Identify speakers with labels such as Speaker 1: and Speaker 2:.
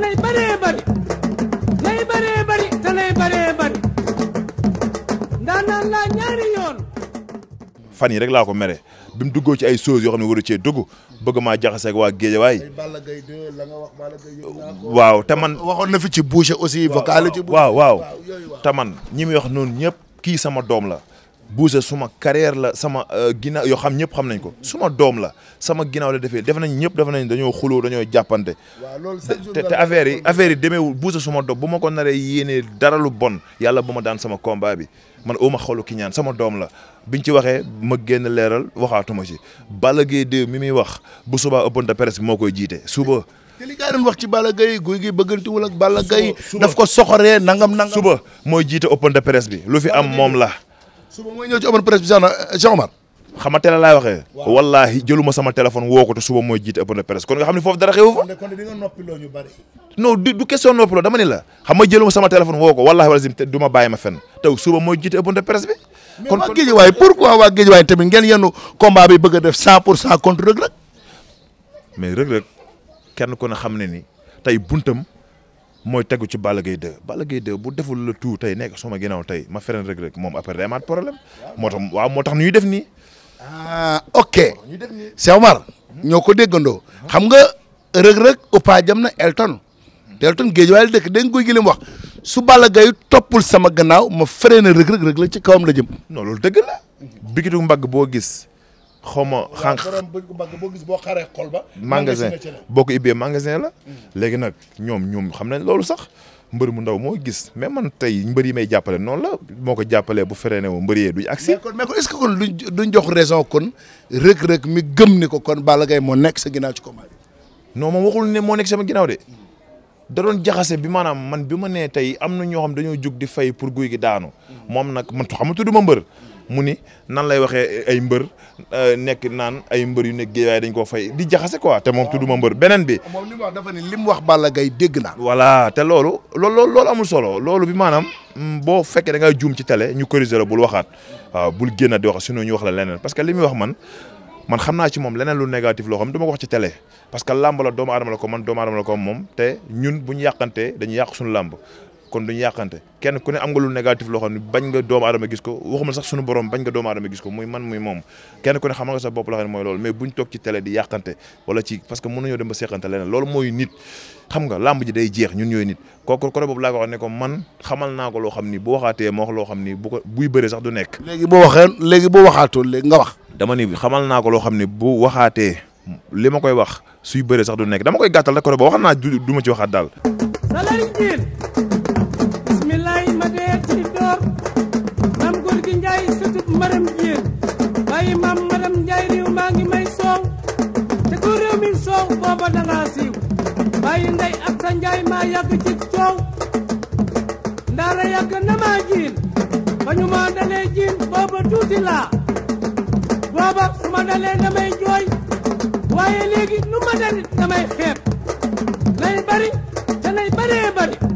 Speaker 1: lay bëree bëri lay bëree bëri te lay bëree bëri ndaanaan laa ñaari yoon
Speaker 2: fan yi rek laa ko mere bi mu duggoo ci ay choses yoo xam ne waru cee dugg bëgg maa jaxaseeg waa waay waaw te man waxoon na fi ci boucher aussi vocal ci waaw waaw te man ñi muy wax noonu ñëpp kii sama doom la Boucher suma carrière la sama euh, ginnaaw yoo xam ñëpp xam nañ ko suma doom la sama ginnaaw la defee def nañ ñëpp def nañ dañoo xuloo dañoo jàppante. te te affaire yi affaire yi demeewul Boucher suma doom bu ma ko naree yéenee dara lu bon yàlla bu ma daan sama combat bi man uma xolu ki ñaan sama doom la biñ ci waxee ma génn leeral waxaatuma ci. Balla Gaye 2 mi muy wax bu subaa ëppoon de presse bi moo koy jiite suba. te wax ci Balla Gaye gi bëggantuwul ak Balla Gaye daf ko soxoree nangam nangam. suba mooy jiite open de presse bi lu fi am moom la. suba mooy ñëw ci open presse bi Cheikh Omar xam nga teel laay waxee. sama téléphone woo ko te suba mooy jiite open presse kon nga xam ne foofu dara xewu fa. kon di nga noppiloo ñu bari. non du du question noppiloo dama ni la xam nga jëluma sama téléphone woo ko wallaahi wala du ma bàyyi ma fenn taw suba mooy jiite open presse bi. kon kon mais waa Guédiawaye pourquoi waa Guédiawaye tamit ngeen yenn combat bëgg a def 100 pour 100 contre Reug Reug. mais Reug Reug kenn ku ne xam ne ni tey buntam mooy tegu ci Balla Gaye 2 Balla bu deful la tout tey nekk suma ginnaaw tey ma fereen Reug Reug moom après day amaat problème moo tax waaw moo ñuy def nii. ah ok Cheikh Omar ñoo ko déggandoo xam nga Reug Reug uppa jam na Elton hmm. Elton géej waaye dëkk da nga koy gëlëm wax su Balla Gaye toppul sama gannaaw ma fereen Reug Reug Reug la ci kawam la jëm. non loolu dëgg la. bikitu mbagg boo gis. xaw ma xànq boo gis boo xaree xol ba. magasin boo ko ubbee magasin la. Mm. léegi nag ñoom ñoom xam nañ loolu sax mbër mu ndaw moo gis mais man tey mbër yi may jàppale noonu la moo ko jàppalee bu feree ne woo mbër yee duñ agsi. mais kon mais kon est-ce que kon duñ duñ jox raison kon Reug rek mi gëm ni ko kon Balla Gaye moo nekk sa ginnaaw ci combat bi. non moom waxul ne moo nekk sama ginnaaw de. Mm. da doon jaxase bi maanaam man bi ma nee tey am na ñoo xam dañoo jug di fay pour guy gi daanu moom nag man xam nga ma mbër mu ni nan lay waxee ay mbër euh, nekk naan ay mbër yu nekk géewaay dañ ko fay di jaxase quoi te moom tudduma mbër beneen bi. moom li wax dafa ni li mu wax Balla Gaye dégg naa. voilà te loolu lool loolu amul solo loolu bi maanaam mm, boo fekkee da ngaa juum ci télé ñu corriger la bul waxaat waaw bul génn di wax noo ñu wax la leneen parce que li muy wax man. man xam naa ci moom leneen lu négatif loo xam ne du ma ko wax ci télé parce que làmb la doomu aadama la ko man doomu aadama la ko moom te ñun bu ñu yàqantee dañuy yàq suñu kon duñu yàqante kenn ku ne am nga lu négatif loo xam ne bañ nga doomu aadama gis ko waxuma sax suñu borom bañ nga doomu aadama gis ku ne xam nga sa bopp loo xam ne mooy loolu mais buñ toog ci télé di yàqante wala ci parce que naa ko loo xam ni bu waxaatee ma wax loo xam ni bu ko buy bëre sax du nekk léegi boo waxee léegi boo waxaatoon léegi nga wax dama ni xamal naa ko loo xam ne bu waxaatee li ma koy wax suy bëree sax du nekk dama koy gàttal rek ko ba wax naa du ma ci waxaat daal.
Speaker 1: salariñ jiin bismillahi ma dee ak sa njaay maa yàgg ci coow ndaara yàgg na maa jiin ba jiin booba tuuti ma dalee damay jooy waaye léegi nu ma dalit damay xeeb nay bari te nay baree bari